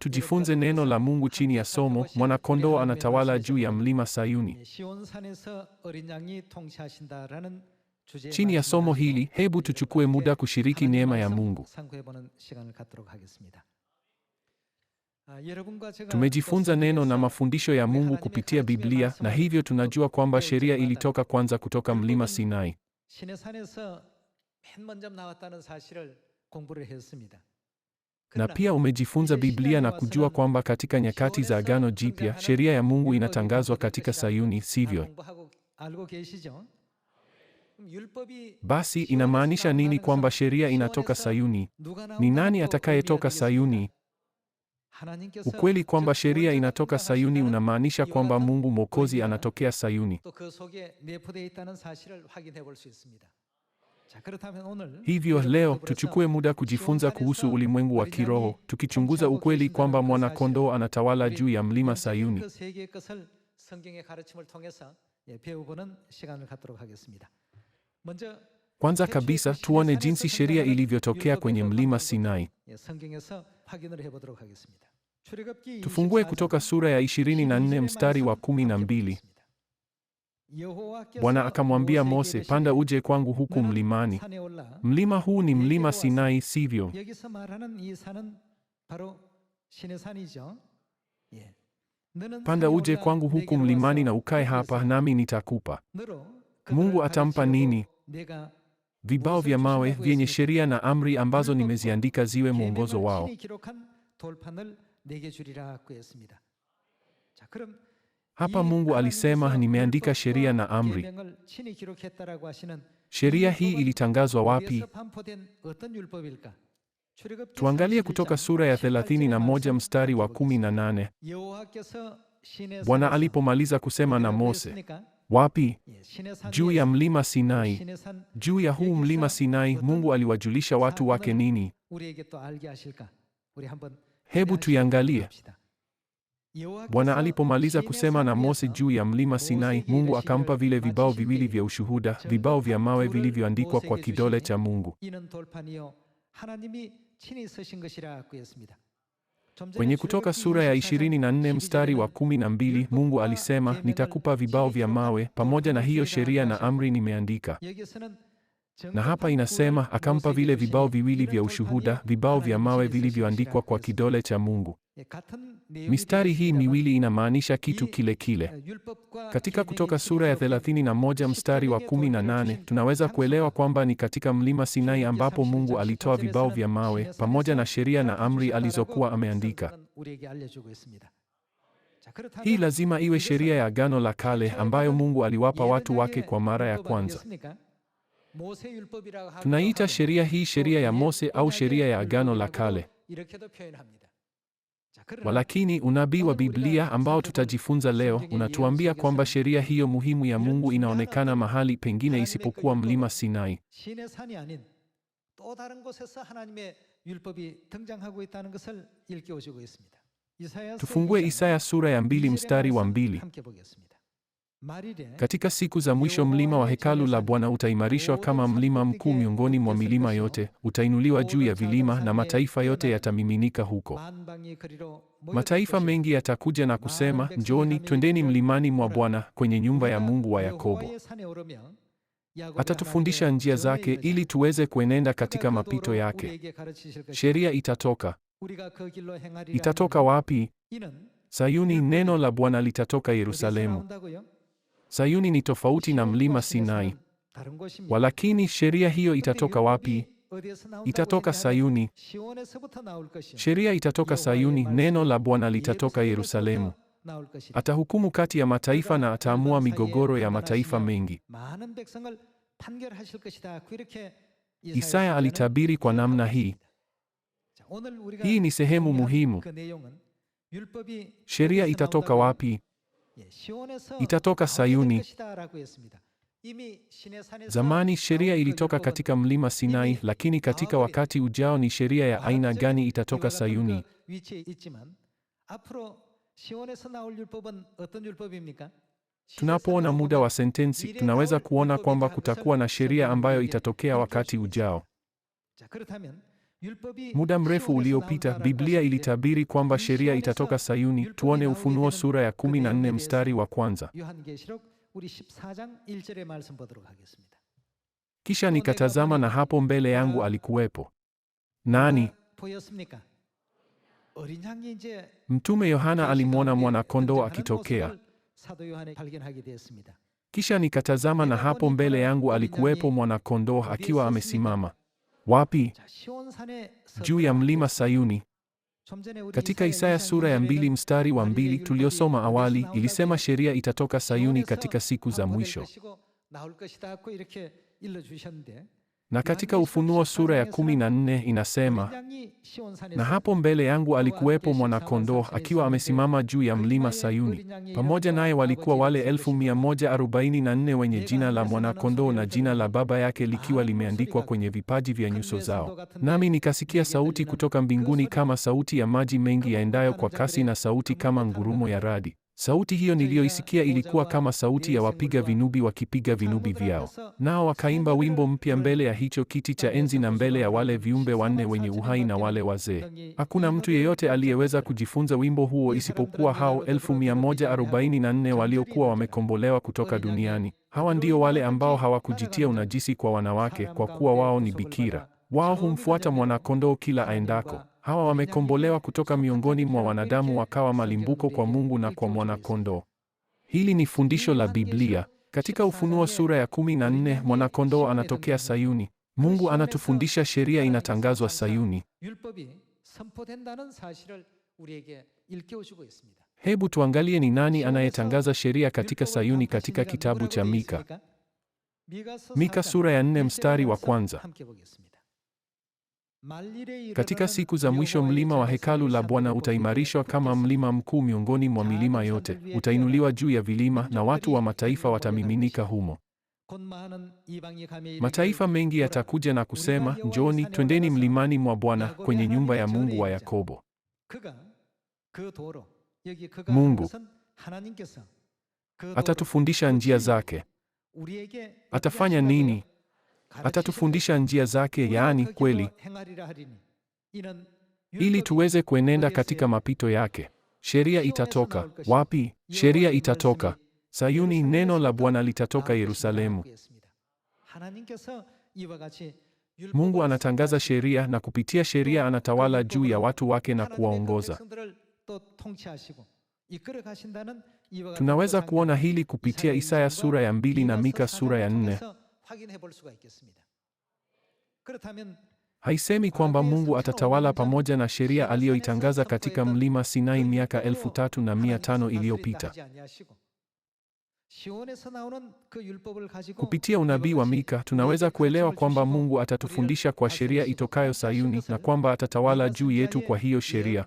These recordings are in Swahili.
tujifunze neno la Mungu chini ya somo mwanakondoo anatawala juu ya mlima Sayuni. Chini ya somo hili, hebu tuchukue muda kushiriki neema ya Mungu. Tumejifunza neno na mafundisho ya Mungu kupitia Biblia na hivyo tunajua kwamba sheria ilitoka kwanza kutoka mlima Sinai na pia umejifunza Biblia na kujua kwamba katika nyakati za Agano Jipya sheria ya Mungu inatangazwa katika Sayuni, sivyo? Basi inamaanisha nini kwamba sheria inatoka Sayuni? Ni nani atakayetoka Sayuni? Ukweli kwamba sheria inatoka Sayuni unamaanisha kwamba Mungu Mwokozi anatokea Sayuni. Hivyo leo tuchukue muda kujifunza kuhusu ulimwengu wa kiroho, tukichunguza ukweli kwamba mwanakondoo anatawala juu ya mlima Sayuni. Kwanza kabisa tuone jinsi sheria ilivyotokea kwenye mlima Sinai. Tufungue Kutoka sura ya 24 mstari wa 12. Bwana akamwambia Mose, panda uje kwangu huku mlimani. Mlima huu ni mlima Sinai, sivyo? Panda uje kwangu huku mlimani na ukae hapa, nami nitakupa. Mungu atampa nini? Vibao vya mawe vyenye sheria na amri ambazo nimeziandika ziwe mwongozo wao. Hapa Mungu alisema, nimeandika sheria na amri. Sheria hii ilitangazwa wapi? Tuangalie Kutoka sura ya 31 mstari wa 18. Bwana alipomaliza kusema na Mose, wapi? Juu ya mlima Sinai. Juu ya huu mlima Sinai, Mungu aliwajulisha watu wake nini? Hebu tuiangalie. Bwana alipomaliza kusema na Mose juu ya mlima Sinai, Mungu akampa vile vibao viwili vya ushuhuda, vibao vya mawe vilivyoandikwa kwa kidole cha Mungu. Kwenye Kutoka sura ya 24 mstari wa 12, Mungu alisema, nitakupa vibao vya mawe pamoja na hiyo sheria na amri nimeandika. Na hapa inasema akampa vile vibao viwili vya ushuhuda, vibao vya mawe vilivyoandikwa kwa kidole cha Mungu. Mistari hii miwili inamaanisha kitu kile kile. Katika Kutoka sura ya 31 mstari wa 18, tunaweza kuelewa kwamba ni katika mlima Sinai ambapo Mungu alitoa vibao vya mawe pamoja na sheria na amri alizokuwa ameandika. Hii lazima iwe sheria ya Agano la Kale ambayo Mungu aliwapa watu wake kwa mara ya kwanza. Tunaita sheria hii sheria ya Mose au sheria ya Agano la Kale. Walakini unabii wa Biblia ambao tutajifunza leo unatuambia kwamba sheria hiyo muhimu ya Mungu inaonekana mahali pengine isipokuwa mlima Sinai. Tufungue Isaya sura ya mbili mstari wa mbili. Katika siku za mwisho mlima wa hekalu la Bwana utaimarishwa kama mlima mkuu miongoni mwa milima yote, utainuliwa juu ya vilima na mataifa yote yatamiminika huko. Mataifa mengi yatakuja na kusema, njoni, twendeni mlimani mwa Bwana, kwenye nyumba ya Mungu wa Yakobo. Atatufundisha njia zake ili tuweze kuenenda katika mapito yake. Sheria itatoka. Itatoka wapi? Sayuni, neno la Bwana litatoka Yerusalemu. Sayuni ni tofauti na mlima Sinai. Walakini sheria hiyo itatoka wapi? Itatoka Sayuni. Sheria itatoka Sayuni, neno la Bwana litatoka Yerusalemu. Atahukumu kati ya mataifa na ataamua migogoro ya mataifa mengi. Isaya alitabiri kwa namna hii. Hii ni sehemu muhimu. Sheria itatoka wapi? itatoka Sayuni. Zamani sheria ilitoka katika mlima Sinai, lakini katika wakati ujao ni sheria ya aina gani itatoka Sayuni? Tunapoona muda wa sentensi, tunaweza kuona kwamba kutakuwa na sheria ambayo itatokea wakati ujao. Muda mrefu uliopita, Biblia ilitabiri kwamba sheria itatoka Sayuni. Tuone Ufunuo sura ya 14 mstari wa kwanza. Kisha nikatazama na hapo mbele yangu alikuwepo nani? Mtume Yohana alimwona mwana-kondoo akitokea. Kisha nikatazama na hapo mbele yangu alikuwepo mwana-kondoo akiwa amesimama. Wapi? Juu ya mlima Sayuni. Katika Isaya sura ya mbili mstari wa mbili tuliosoma awali, ilisema sheria itatoka Sayuni katika siku za mwisho. Na katika Ufunuo sura ya kumi na nne inasema, na hapo mbele yangu alikuwepo mwana akiwa amesimama juu ya mlima Sayuni, pamoja naye walikuwa wale elfu mia moja arobaini na nne wenye jina la mwana na jina la Baba yake likiwa limeandikwa kwenye vipaji vya nyuso zao. Nami nikasikia sauti kutoka mbinguni kama sauti ya maji mengi yaendayo kwa kasi na sauti kama ngurumo ya radi Sauti hiyo niliyoisikia ilikuwa kama sauti ya wapiga vinubi wakipiga vinubi vyao, nao wakaimba wimbo mpya mbele ya hicho kiti cha enzi na mbele ya wale viumbe wanne wenye uhai na wale wazee. Hakuna mtu yeyote aliyeweza kujifunza wimbo huo isipokuwa hao elfu waliokuwa wamekombolewa kutoka duniani. Hawa ndio wale ambao hawakujitia unajisi kwa wanawake, kwa kuwa wao ni bikira. Wao humfuata mwanakondoo kila aendako hawa wamekombolewa kutoka miongoni mwa wanadamu wakawa malimbuko kwa Mungu na kwa mwanakondoo. Hili ni fundisho la Biblia. Katika Ufunuo sura ya 14 na mwanakondoo anatokea Sayuni. Mungu anatufundisha sheria inatangazwa Sayuni. Hebu tuangalie ni nani anayetangaza sheria katika Sayuni katika kitabu cha Mika. Mika sura ya 4 mstari wa kwanza. Katika siku za mwisho mlima wa hekalu la Bwana utaimarishwa kama mlima mkuu miongoni mwa milima yote, utainuliwa juu ya vilima na watu wa mataifa watamiminika humo. Mataifa mengi yatakuja na kusema, njoni, twendeni mlimani mwa Bwana, kwenye nyumba ya Mungu wa Yakobo. Mungu atatufundisha njia zake. Atafanya nini? atatufundisha njia zake, yaani kweli, ili tuweze kuenenda katika mapito yake. Sheria itatoka wapi? Sheria itatoka Sayuni, neno la Bwana litatoka Yerusalemu. Mungu anatangaza sheria na kupitia sheria anatawala juu ya watu wake na kuwaongoza. Tunaweza kuona hili kupitia Isaya sura ya mbili na Mika sura ya nne. Haisemi kwamba Mungu atatawala pamoja na sheria aliyoitangaza katika mlima Sinai miaka elfu na iliyopita. Kupitia unabii wa Mika tunaweza kuelewa kwamba Mungu atatufundisha kwa sheria itokayo Sayuni na kwamba atatawala juu yetu kwa hiyo sheria.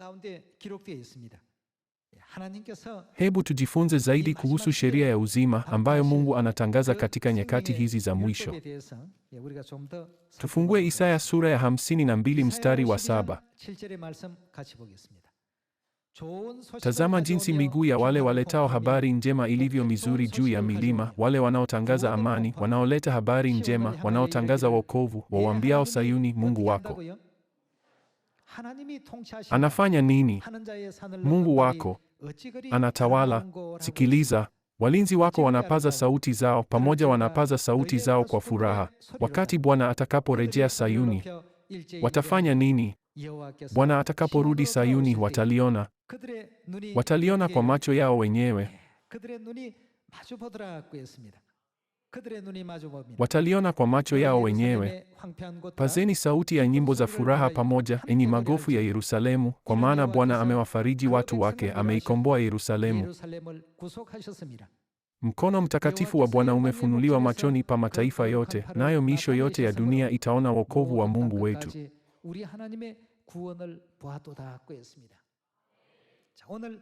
Hebu tujifunze zaidi kuhusu sheria ya uzima ambayo Mungu anatangaza katika nyakati hizi za mwisho. Tufungue Isaya sura ya 52 mstari wa saba. Tazama jinsi miguu ya wale waletao habari njema ilivyo mizuri juu ya milima, wale wanaotangaza amani, wanaoleta habari njema, wanaotangaza wokovu, wawaambiao Sayuni, Mungu wako anafanya nini? Mungu wako anatawala. Sikiliza, walinzi wako wanapaza sauti zao pamoja, wanapaza sauti zao kwa furaha. Wakati Bwana atakaporejea Sayuni watafanya nini? Bwana atakaporudi Sayuni wataliona, wataliona kwa macho yao wenyewe wataliona kwa macho yao wenyewe. Pazeni sauti ya nyimbo za furaha pamoja, enyi magofu ya Yerusalemu, kwa maana Bwana amewafariji watu wake, ameikomboa Yerusalemu. Mkono mtakatifu wa Bwana umefunuliwa machoni pa mataifa yote, nayo miisho yote ya dunia itaona wokovu wa Mungu wetu.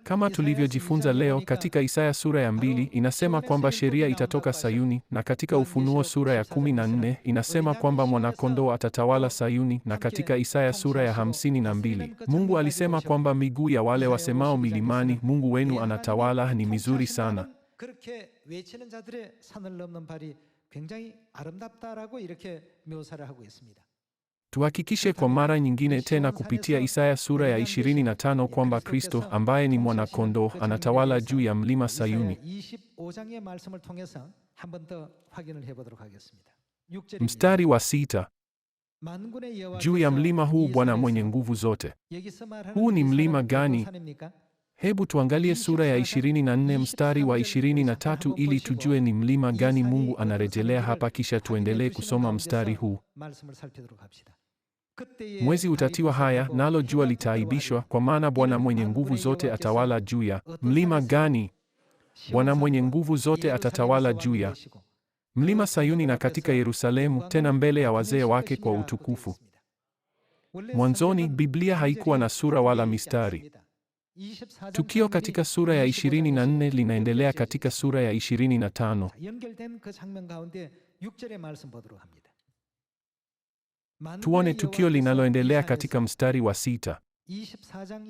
Kama tulivyojifunza leo katika Isaya sura ya mbili inasema kwamba sheria itatoka Sayuni, na katika Ufunuo sura ya kumi na nne inasema kwamba mwanakondoo atatawala Sayuni, na katika Isaya sura ya hamsini na mbili Mungu alisema kwamba miguu ya wale wasemao milimani, Mungu wenu anatawala, ni mizuri sana. Tuhakikishe kwa mara nyingine tena kupitia Isaya sura ya 25 kwamba Kristo ambaye ni mwanakondoo anatawala juu ya mlima Sayuni. Mstari wa sita. Juu ya mlima huu Bwana mwenye nguvu zote. Huu ni mlima gani? Hebu tuangalie sura ya 24 mstari wa 23 ili tujue ni mlima gani Mungu anarejelea hapa kisha tuendelee kusoma mstari huu. Mwezi utatiwa haya, nalo jua litaaibishwa, kwa maana Bwana mwenye nguvu zote atawala juu ya mlima gani? Bwana mwenye nguvu zote atatawala juu ya mlima Sayuni na katika Yerusalemu, tena mbele ya wazee wake kwa utukufu. Mwanzoni Biblia haikuwa na sura wala mistari. Tukio katika sura ya 24 linaendelea katika sura ya 25. Tuone tukio linaloendelea katika mstari wa sita.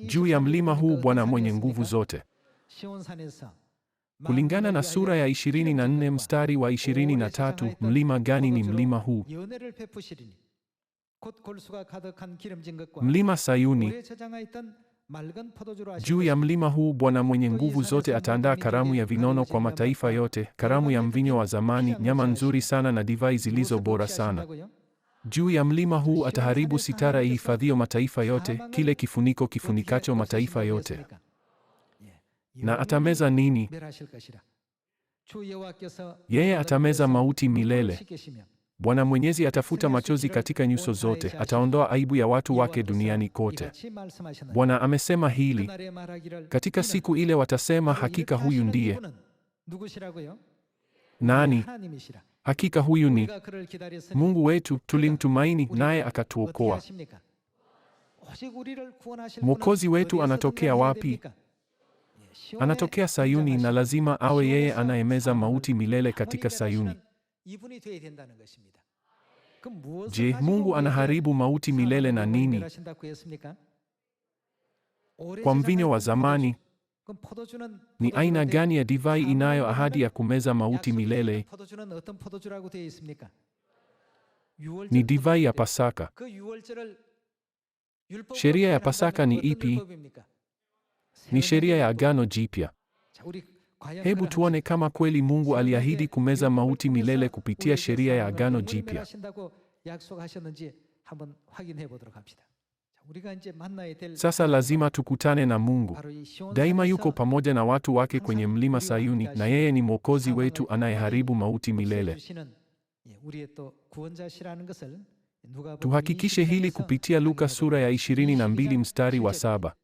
Juu ya mlima huu Bwana mwenye nguvu zote. Kulingana na sura ya 24 mstari wa 23, mlima gani ni mlima huu? Mlima Sayuni. Juu ya mlima huu Bwana mwenye nguvu zote ataandaa karamu ya vinono kwa mataifa yote, karamu ya mvinyo wa zamani, nyama nzuri sana na divai zilizo bora sana. Juu ya mlima huu ataharibu sitara ihifadhio mataifa yote, kile kifuniko kifunikacho mataifa yote. Na atameza nini? Yeye atameza mauti milele. Bwana Mwenyezi atafuta machozi katika nyuso zote, ataondoa aibu ya watu wake duniani kote. Bwana amesema hili. Katika siku ile watasema, hakika huyu ndiye nani? Hakika huyu ni Mungu wetu, tulimtumaini naye akatuokoa. Mwokozi wetu anatokea wapi? Anatokea Sayuni, na lazima awe yeye anayemeza mauti milele katika Sayuni. Je, Mungu anaharibu mauti milele na nini? Kwa mvinyo wa zamani. Ni aina gani ya divai inayo ahadi ya kumeza mauti milele? Ni divai ya Pasaka. Sheria ya Pasaka ni ipi? Ni sheria ya Agano Jipya. Hebu tuone kama kweli Mungu aliahidi kumeza mauti milele kupitia sheria ya Agano Jipya. Sasa lazima tukutane na Mungu. Daima yuko pamoja na watu wake kwenye mlima Sayuni, na yeye ni mwokozi wetu anayeharibu mauti milele. Tuhakikishe hili kupitia Luka sura ya 22 mstari wa saba.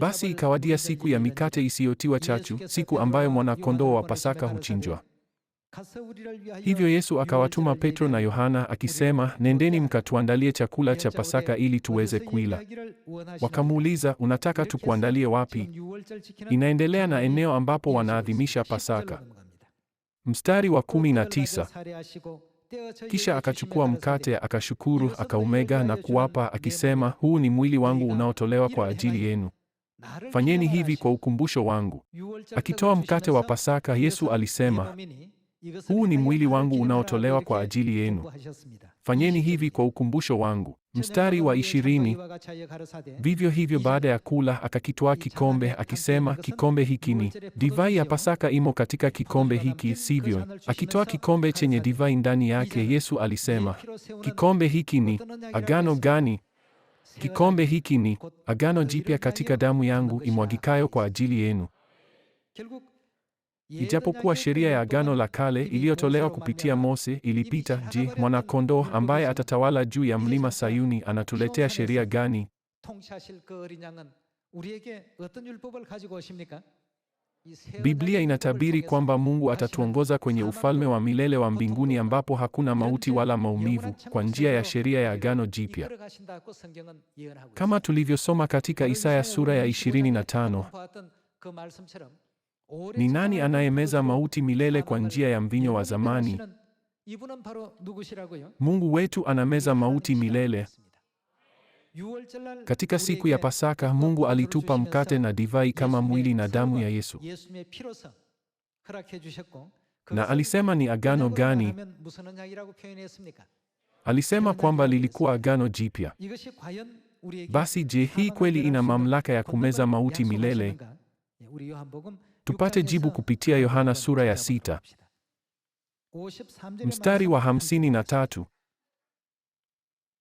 Basi ikawadia siku ya mikate isiyotiwa chachu, siku ambayo mwanakondoo wa Pasaka huchinjwa. Hivyo Yesu akawatuma Petro na Yohana akisema, nendeni mkatuandalie chakula cha Pasaka ili tuweze kuila. Wakamuuliza, unataka tukuandalie wapi? Inaendelea na eneo ambapo wanaadhimisha Pasaka. Mstari wa kumi na tisa kisha akachukua mkate, akashukuru, akaumega na kuwapa, akisema, huu ni mwili wangu unaotolewa kwa ajili yenu, fanyeni hivi kwa ukumbusho wangu. Akitoa mkate wa Pasaka, Yesu alisema huu ni mwili wangu unaotolewa kwa ajili yenu. Fanyeni hivi kwa ukumbusho wangu. Mstari wa ishirini. Vivyo hivyo baada ya kula akakitwaa kikombe akisema, kikombe hiki ni divai ya Pasaka imo katika kikombe hiki, sivyo? akitoa kikombe chenye divai ndani yake, Yesu alisema, kikombe hiki ni agano gani? Kikombe hiki ni agano jipya katika damu yangu imwagikayo kwa ajili yenu. Ijapokuwa sheria ya Agano la Kale iliyotolewa kupitia Mose ilipita, je, mwanakondoo ambaye atatawala juu ya mlima Sayuni anatuletea sheria gani? Biblia inatabiri kwamba Mungu atatuongoza kwenye ufalme wa milele wa mbinguni ambapo hakuna mauti wala maumivu kwa njia ya sheria ya Agano Jipya. Kama tulivyosoma katika Isaya sura ya 25. Ni nani anayemeza mauti milele kwa njia ya mvinyo wa zamani? Mungu wetu anameza mauti milele. Katika siku ya Pasaka, Mungu alitupa mkate na divai kama mwili na damu ya Yesu. Na alisema ni agano gani? Alisema kwamba lilikuwa agano jipya. Basi je, hii kweli ina mamlaka ya kumeza mauti milele? Tupate jibu kupitia Yohana sura ya sita mstari wa hamsini na tatu.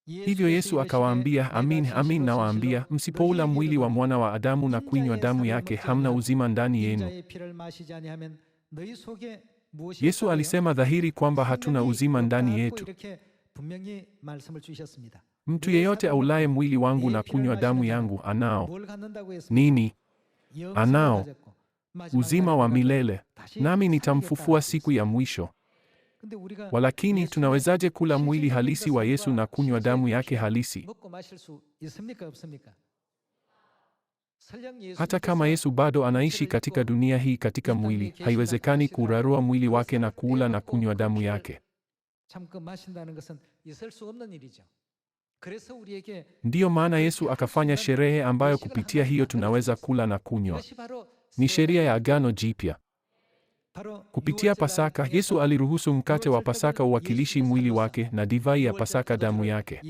Hivyo Yesu akawaambia, amin amin nawaambia, msipoula mwili wa mwana wa Adamu na kunywa damu yake, hamna uzima ndani yenu. Yesu alisema dhahiri kwamba hatuna uzima ndani yetu. Mtu yeyote aulaye mwili wangu na kunywa damu yangu anao nini? Anao uzima wa milele, nami nitamfufua siku ya mwisho. Walakini, tunawezaje kula mwili halisi wa Yesu na kunywa damu yake halisi? Hata kama Yesu bado anaishi katika dunia hii katika mwili, haiwezekani kuurarua mwili wake na kuula na kunywa damu yake. Ndiyo maana Yesu akafanya sherehe ambayo kupitia hiyo tunaweza kula na kunywa ni sheria ya Agano Jipya. Kupitia Pasaka, Yesu aliruhusu mkate wa Pasaka uwakilishi mwili wake na divai ya Pasaka damu yake.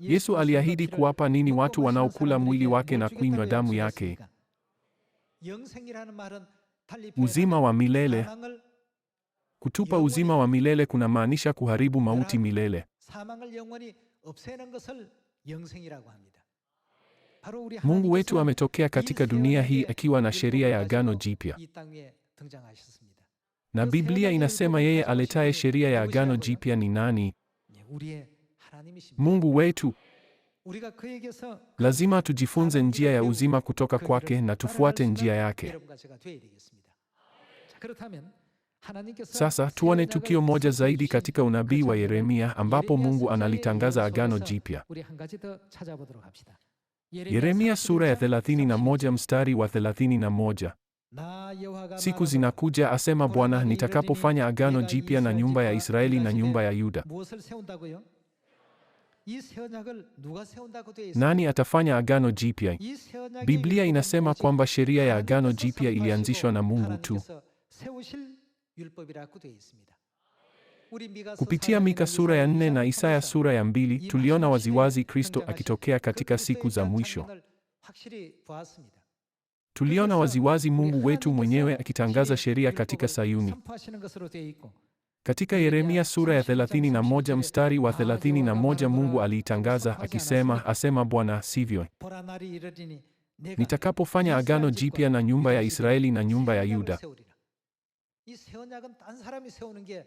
Yesu aliahidi kuwapa nini watu wanaokula mwili wake na kunywa damu yake? Uzima wa milele. Kutupa uzima wa milele kunamaanisha kuharibu mauti milele. Mungu wetu ametokea katika dunia hii akiwa na sheria ya Agano Jipya. Na Biblia inasema yeye aletaye sheria ya Agano Jipya ni nani? Mungu wetu. Lazima tujifunze njia ya uzima kutoka kwake na tufuate njia yake. Sasa tuone tukio moja zaidi katika unabii wa Yeremia ambapo Mungu analitangaza Agano Jipya. Yeremia sura ya 31 mstari wa 31. Siku zinakuja, asema Bwana, nitakapofanya agano jipya na nyumba ya Israeli na nyumba ya Yuda. Nani atafanya agano jipya? Biblia inasema kwamba sheria ya agano jipya ilianzishwa na Mungu tu. Kupitia Mika sura ya nne na Isaya sura ya mbili tuliona waziwazi Kristo akitokea katika siku za mwisho. Tuliona waziwazi Mungu wetu mwenyewe akitangaza sheria katika Sayuni. Katika Yeremia sura ya 31 mstari wa 31 ah, Mungu aliitangaza akisema, asema Bwana, sivyo, nitakapofanya agano jipya na nyumba ya Israeli na nyumba ya Yuda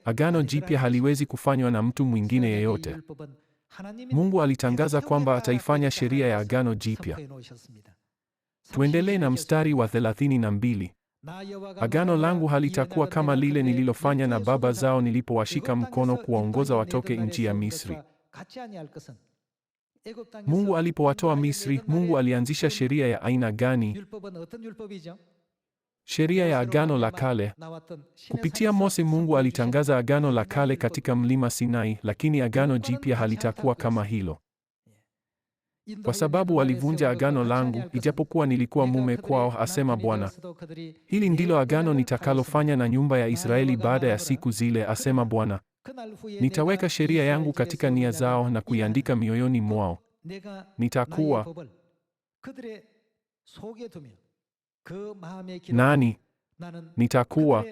Agano Jipya haliwezi kufanywa na mtu mwingine yeyote. Mungu alitangaza kwamba ataifanya sheria ya Agano Jipya. Tuendelee na mstari wa 32. Agano langu halitakuwa kama lile nililofanya na baba zao nilipowashika mkono kuwaongoza watoke nchi ya Misri. Mungu alipowatoa Misri, Mungu alianzisha sheria ya aina gani? Sheria ya Agano la Kale. Kupitia Mose Mungu alitangaza Agano la Kale katika mlima Sinai, lakini Agano Jipya halitakuwa kama hilo. Kwa sababu walivunja agano langu, ijapokuwa nilikuwa mume kwao, asema Bwana. Hili ndilo agano nitakalofanya na nyumba ya Israeli baada ya siku zile, asema Bwana. Nitaweka sheria yangu katika nia zao na kuiandika mioyoni mwao. Nitakuwa nani nitakuwa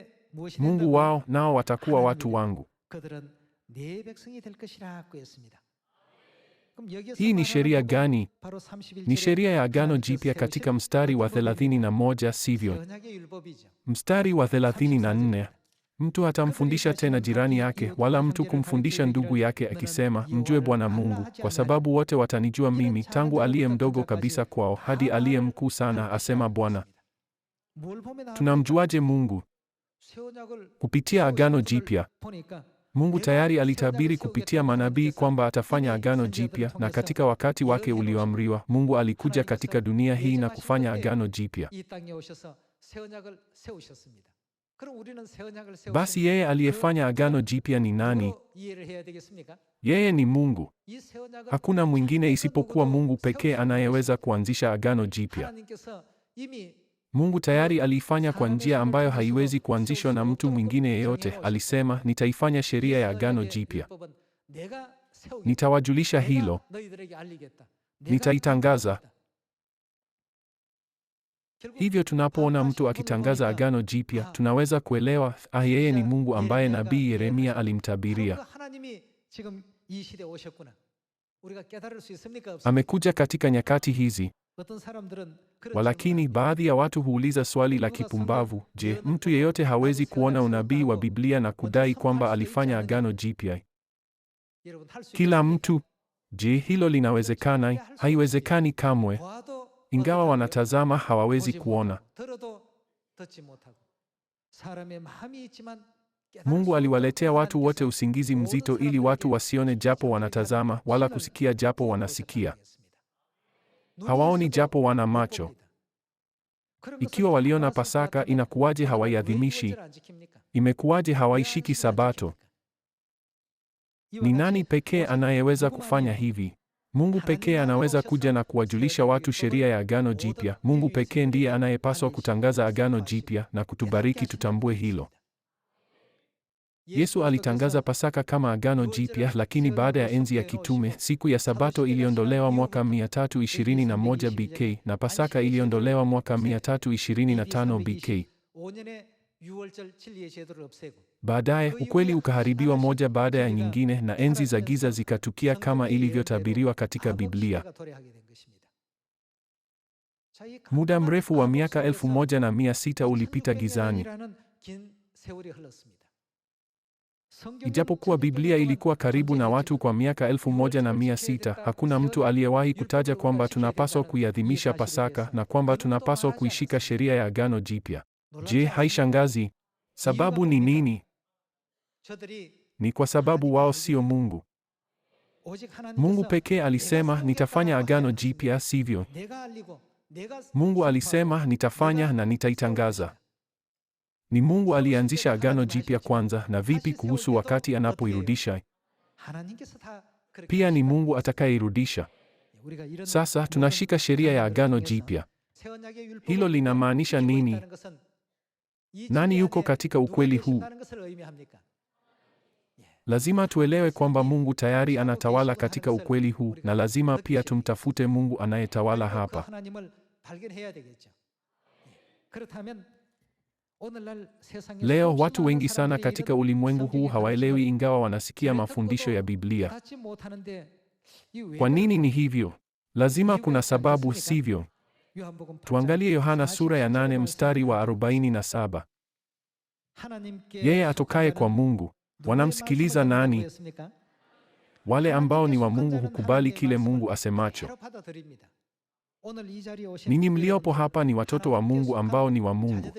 Mungu wao, nao watakuwa watu wangu. Hii ni sheria gani? Ni sheria ya Agano Jipya katika mstari wa 31, sivyo? Mstari wa 34, mtu hatamfundisha tena jirani yake, wala mtu kumfundisha ndugu yake akisema, mjue Bwana Mungu, kwa sababu wote watanijua mimi, tangu aliye mdogo kabisa kwao hadi aliye mkuu sana, asema Bwana. Tunamjuaje Mungu? Kupitia Agano Jipya. Mungu tayari alitabiri kupitia manabii kwamba atafanya Agano Jipya, na katika wakati wake ulioamriwa, Mungu alikuja katika dunia hii na kufanya Agano Jipya. Basi yeye aliyefanya Agano Jipya ni nani? Yeye ni Mungu. Hakuna mwingine isipokuwa Mungu pekee anayeweza kuanzisha Agano Jipya. Mungu tayari aliifanya kwa njia ambayo haiwezi kuanzishwa na mtu mwingine yeyote. Alisema, nitaifanya sheria ya agano jipya, nitawajulisha hilo, nitaitangaza. Hivyo tunapoona mtu akitangaza agano jipya, tunaweza kuelewa ah, yeye ni Mungu ambaye nabii Yeremia alimtabiria. Amekuja katika nyakati hizi. Walakini baadhi ya watu huuliza swali la kipumbavu, je, mtu yeyote hawezi kuona unabii wa Biblia na kudai kwamba alifanya agano jipya? Kila mtu? Je, hilo linawezekana? Haiwezekani kamwe. Ingawa wanatazama hawawezi kuona. Mungu aliwaletea watu wote usingizi mzito ili watu wasione japo wanatazama, wala kusikia japo wanasikia. Hawaoni japo wana macho. Ikiwa waliona Pasaka, inakuwaje hawaiadhimishi? Imekuwaje hawaishiki Sabato? Ni nani pekee anayeweza kufanya hivi? Mungu pekee anaweza kuja na kuwajulisha watu sheria ya Agano Jipya. Mungu pekee ndiye anayepaswa kutangaza Agano Jipya na kutubariki tutambue hilo. Yesu alitangaza Pasaka kama agano jipya, lakini baada ya enzi ya kitume, siku ya Sabato iliondolewa mwaka 321 BK na Pasaka iliondolewa mwaka 325 BK. Baadaye ukweli ukaharibiwa moja baada ya nyingine na enzi za giza zikatukia kama ilivyotabiriwa katika Biblia. Muda mrefu wa miaka 1600 ulipita gizani. Ijapokuwa Biblia ilikuwa karibu na watu kwa miaka elfu moja na mia sita, hakuna mtu aliyewahi kutaja kwamba tunapaswa kuiadhimisha Pasaka na kwamba tunapaswa kuishika sheria ya Agano Jipya. Je, haishangazi? Sababu ni nini? Ni kwa sababu wao sio Mungu. Mungu pekee alisema, nitafanya Agano Jipya, sivyo? Mungu alisema, nitafanya na nitaitangaza. Ni Mungu alianzisha agano jipya kwanza, na vipi kuhusu wakati anapoirudisha? Pia ni Mungu atakayeirudisha. Sasa tunashika sheria ya agano jipya. Hilo linamaanisha nini? Nani yuko katika ukweli huu? Lazima tuelewe kwamba Mungu tayari anatawala katika ukweli huu, na lazima pia tumtafute Mungu anayetawala hapa. Leo watu wengi sana katika ulimwengu huu hawaelewi, ingawa wanasikia mafundisho ya Biblia. Kwa nini ni hivyo? Lazima kuna sababu, sivyo? Tuangalie Yohana sura ya 8 mstari wa 47. Yeye atokaye kwa Mungu wanamsikiliza nani? Wale ambao ni wa Mungu hukubali kile Mungu asemacho. Ninyi mliopo hapa ni watoto wa Mungu ambao ni wa Mungu.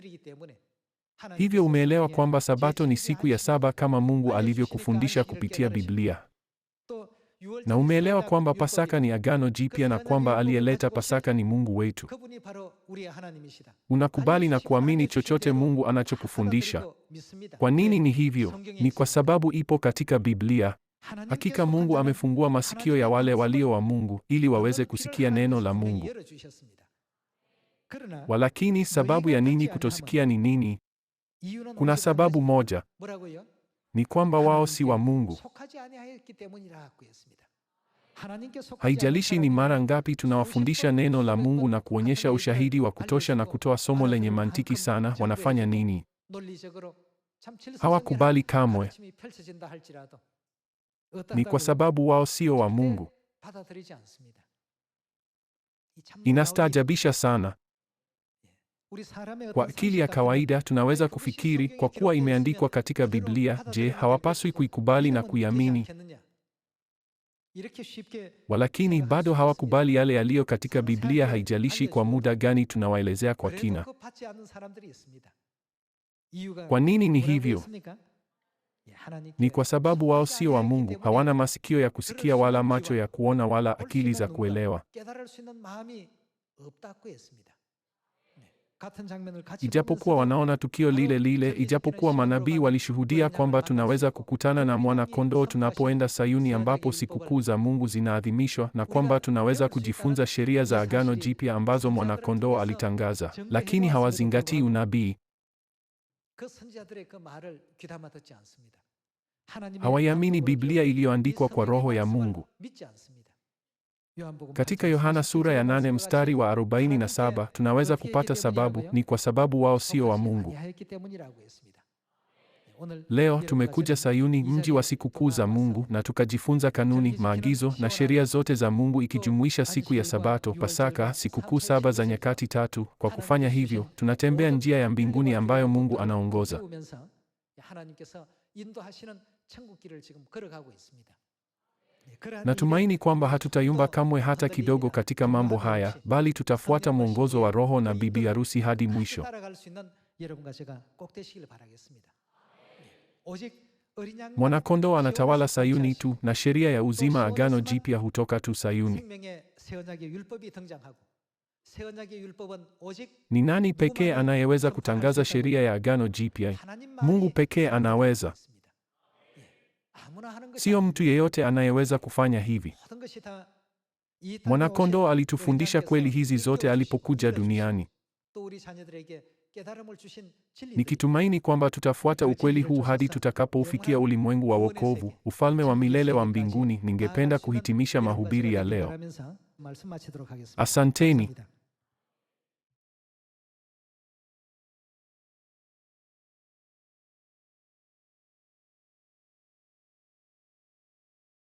Hivyo umeelewa kwamba Sabato ni siku ya saba kama Mungu alivyokufundisha kupitia Biblia. Na umeelewa kwamba Pasaka ni Agano Jipya na kwamba aliyeleta Pasaka ni Mungu wetu. Unakubali na kuamini chochote Mungu anachokufundisha. Kwa nini ni hivyo? Ni kwa sababu ipo katika Biblia. Hakika Mungu amefungua masikio ya wale walio wa Mungu ili waweze kusikia neno la Mungu. Walakini sababu ya ninyi kutosikia ni nini? Kuna sababu moja, ni kwamba wao si wa Mungu. Haijalishi ni mara ngapi tunawafundisha neno la Mungu na kuonyesha ushahidi wa kutosha na kutoa somo lenye mantiki sana, wanafanya nini? Hawakubali kamwe. Ni kwa sababu wao sio wa Mungu. Inastaajabisha sana. Kwa akili ya kawaida tunaweza kufikiri kwa kuwa imeandikwa katika Biblia, je, hawapaswi kuikubali na kuiamini? Walakini bado hawakubali yale yaliyo katika Biblia, haijalishi kwa muda gani tunawaelezea kwa kina. Kwa nini ni hivyo? Ni kwa sababu wao sio wa Mungu, hawana masikio ya kusikia wala macho ya kuona wala akili za kuelewa. Ijapokuwa wanaona tukio lile lile, ijapokuwa manabii walishuhudia kwamba tunaweza kukutana na mwana-kondoo tunapoenda Sayuni ambapo sikukuu za Mungu zinaadhimishwa na kwamba tunaweza kujifunza sheria za Agano Jipya ambazo mwana-kondoo alitangaza, lakini hawazingatii unabii. Hawaiamini Biblia iliyoandikwa kwa Roho ya Mungu. Katika Yohana sura ya nane mstari wa 47 tunaweza kupata sababu ni kwa sababu wao sio wa Mungu. Leo tumekuja Sayuni, mji wa sikukuu za Mungu, na tukajifunza kanuni, maagizo na sheria zote za Mungu, ikijumuisha siku ya Sabato, Pasaka, sikukuu saba za nyakati tatu. Kwa kufanya hivyo, tunatembea njia ya mbinguni ambayo Mungu anaongoza. Natumaini kwamba hatutayumba kamwe hata kidogo katika mambo haya, bali tutafuata mwongozo wa Roho na bibi harusi hadi mwisho. Mwanakondoo anatawala Sayuni tu na sheria ya uzima, agano jipya hutoka tu Sayuni. Ni nani pekee anayeweza kutangaza sheria ya agano jipya? Mungu pekee anaweza. Sio mtu yeyote anayeweza kufanya hivi. Mwanakondoo alitufundisha kweli hizi zote alipokuja duniani, nikitumaini kwamba tutafuata ukweli huu hadi tutakapoufikia ulimwengu wa wokovu, ufalme wa milele wa mbinguni. Ningependa kuhitimisha mahubiri ya leo. Asanteni.